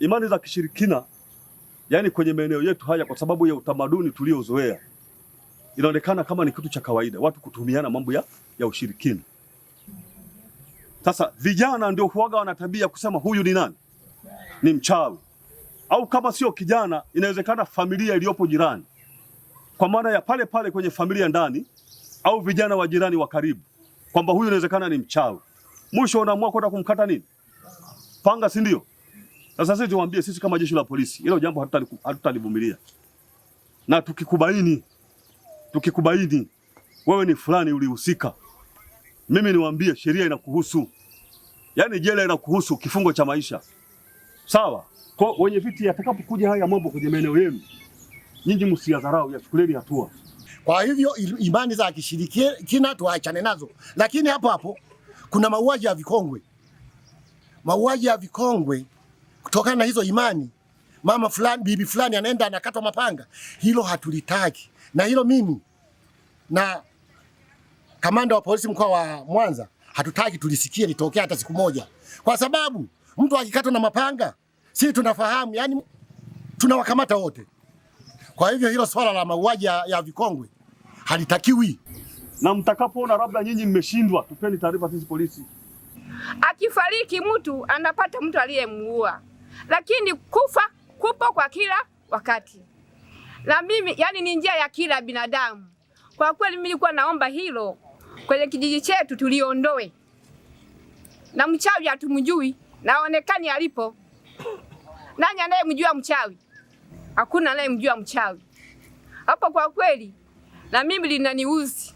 imani za kishirikina, yani kwenye maeneo yetu haya, kwa sababu ya utamaduni tuliozoea, inaonekana kama ni kitu cha kawaida watu kutumiana mambo ya, ya ushirikina. Sasa vijana ndio huaga wana tabia kusema huyu ni nani, ni mchawi, au kama sio kijana, inawezekana familia iliyopo jirani, kwa maana ya pale pale kwenye familia ndani, au vijana wa jirani wa karibu, kwamba huyu inawezekana ni mchawi. Mwisho unaamua kwenda kumkata nini, panga, si ndio? Na sasa tuwaambie sisi kama jeshi la polisi hilo jambo hatutalivumilia, na tukikubaini tukikubaini wewe ni fulani ulihusika, mimi niwaambie sheria inakuhusu, yaani jela inakuhusu, kifungo cha maisha sawa. Kwa wenye viti, atakapokuja haya mambo kwenye maeneo yenu nyinyi, msiyadharau, yachukuleni hatua. Kwa hivyo imani za kishirikina tuachane nazo, lakini hapo hapo kuna mauaji ya vikongwe. Mauaji ya vikongwe kutokana na hizo imani, mama fulani, bibi fulani anaenda anakatwa mapanga. Hilo hatulitaki, na hilo mimi na kamanda wa polisi mkoa wa Mwanza hatutaki tulisikie litokea hata siku moja, kwa sababu mtu akikatwa na mapanga, si tunafahamu, yani tunawakamata wote. Kwa hivyo hilo swala la mauaji ya, ya vikongwe halitakiwi, na mtakapoona labda nyinyi mmeshindwa, tupeni taarifa sisi polisi. Akifariki mtu anapata mtu aliyemuua lakini kufa kupo kwa kila wakati, na mimi yani ni njia ya kila binadamu. Kwa kweli mimi nilikuwa naomba hilo kwenye kijiji chetu tuliondoe, na mchawi hatumjui, naonekani alipo. Nani anayemjua mchawi? Hakuna anayemjua mchawi hapo, kwa kweli na mimi linaniuzi